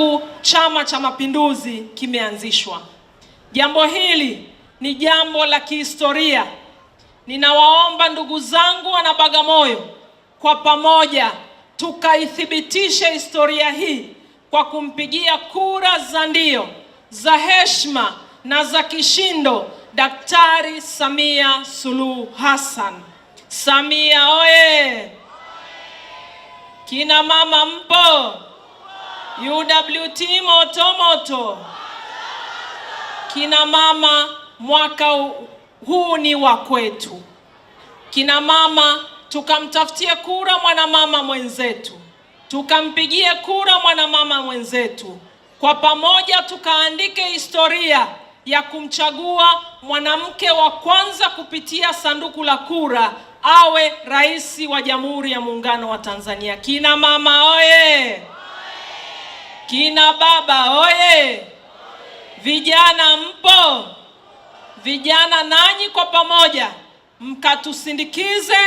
tangu Chama cha Mapinduzi kimeanzishwa. Jambo hili ni jambo la kihistoria. Ninawaomba ndugu zangu wana Bagamoyo, kwa pamoja tukaithibitishe historia hii kwa kumpigia kura za ndio, za heshima na za kishindo Daktari Samia Suluhu Hassan. Samia oye! Kina mama mpo? UWT moto moto. Kina mama, mwaka huu ni wa kwetu. Kina mama, tukamtafutie kura mwanamama mwenzetu, tukampigie kura mwanamama mwenzetu, kwa pamoja tukaandike historia ya kumchagua mwanamke wa kwanza kupitia sanduku la kura awe rais wa Jamhuri ya Muungano wa Tanzania. Kina mama oye! Kina baba oye! Vijana mpo? Vijana nanyi kwa pamoja mkatusindikize,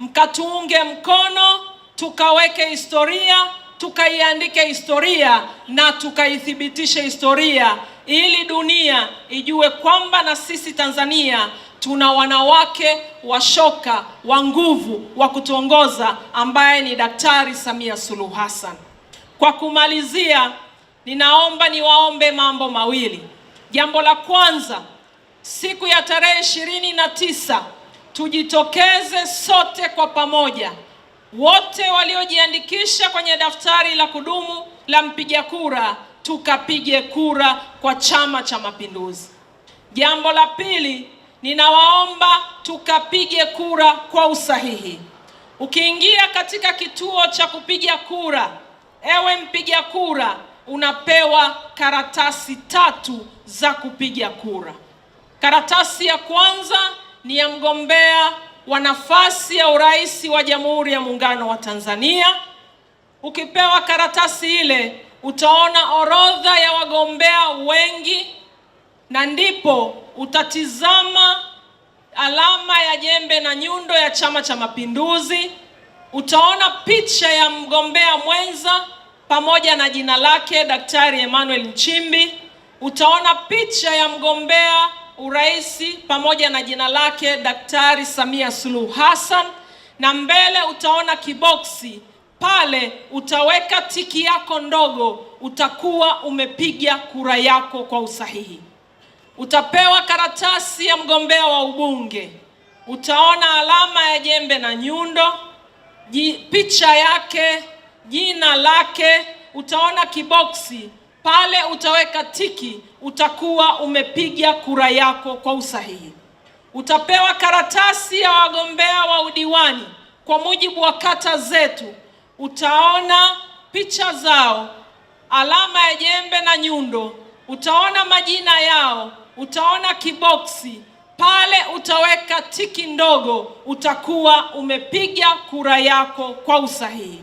mkatuunge mkono, tukaweke historia, tukaiandike historia na tukaithibitishe historia, ili dunia ijue kwamba na sisi Tanzania tuna wanawake washoka wa nguvu wa kutuongoza, ambaye ni Daktari Samia Suluhu Hassan. Kwa kumalizia, ninaomba niwaombe mambo mawili. Jambo la kwanza, siku ya tarehe ishirini na tisa tujitokeze sote kwa pamoja, wote waliojiandikisha kwenye daftari la kudumu la mpiga kura, tukapige kura kwa Chama cha Mapinduzi. Jambo la pili, ninawaomba tukapige kura kwa usahihi. Ukiingia katika kituo cha kupiga kura ewe mpiga kura, unapewa karatasi tatu za kupiga kura. Karatasi ya kwanza ni ya mgombea wa nafasi ya urais wa Jamhuri ya Muungano wa Tanzania. Ukipewa karatasi ile, utaona orodha ya wagombea wengi, na ndipo utatizama alama ya jembe na nyundo ya Chama cha Mapinduzi utaona picha ya mgombea mwenza pamoja na jina lake Daktari Emmanuel Nchimbi. Utaona picha ya mgombea urais pamoja na jina lake Daktari Samia Suluhu Hassan, na mbele utaona kiboksi pale, utaweka tiki yako ndogo, utakuwa umepiga kura yako kwa usahihi. Utapewa karatasi ya mgombea wa ubunge, utaona alama ya jembe na nyundo picha yake, jina lake, utaona kiboksi pale, utaweka tiki, utakuwa umepiga kura yako kwa usahihi. Utapewa karatasi ya wagombea wa udiwani kwa mujibu wa kata zetu, utaona picha zao, alama ya jembe na nyundo, utaona majina yao, utaona kiboksi pale utaweka tiki ndogo, utakuwa umepiga kura yako kwa usahihi.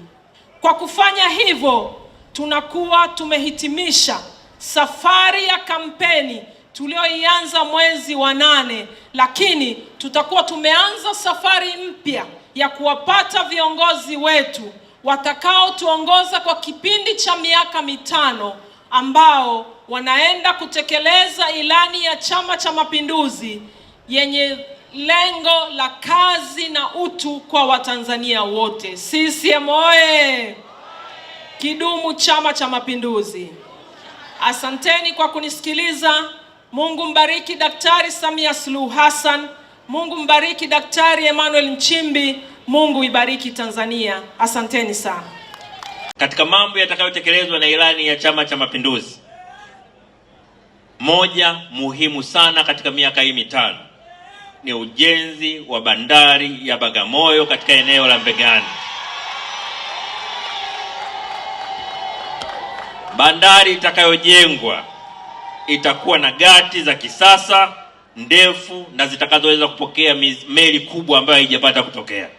Kwa kufanya hivyo, tunakuwa tumehitimisha safari ya kampeni tulioianza mwezi wa nane, lakini tutakuwa tumeanza safari mpya ya kuwapata viongozi wetu watakaotuongoza kwa kipindi cha miaka mitano ambao wanaenda kutekeleza ilani ya Chama cha Mapinduzi yenye lengo la kazi na utu kwa Watanzania wote. CCM oye! Kidumu Chama cha Mapinduzi! Asanteni kwa kunisikiliza. Mungu mbariki Daktari Samia Suluhu Hassan. Mungu mbariki Daktari Emmanuel Nchimbi. Mungu ibariki Tanzania. Asanteni sana. Katika mambo yatakayotekelezwa na ilani ya Chama cha Mapinduzi, moja muhimu sana katika miaka hii mitano ni ujenzi wa bandari ya Bagamoyo katika eneo la Mbegani. Bandari itakayojengwa itakuwa na gati za kisasa ndefu na zitakazoweza kupokea meli kubwa ambayo haijapata kutokea.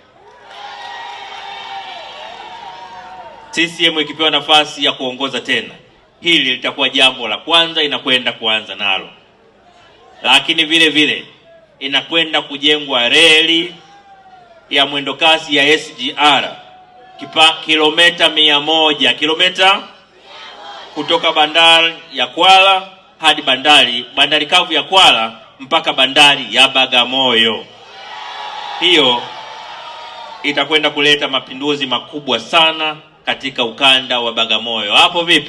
CCM ikipewa nafasi ya kuongoza tena, hili litakuwa jambo la kwanza inakwenda kuanza nalo, lakini vile vile inakwenda kujengwa reli ya mwendokasi ya SGR kipa kilometa mia moja kilometa kutoka bandari ya Kwala hadi bandari bandari kavu ya Kwala mpaka bandari ya Bagamoyo. Hiyo itakwenda kuleta mapinduzi makubwa sana katika ukanda wa Bagamoyo. Hapo vipi?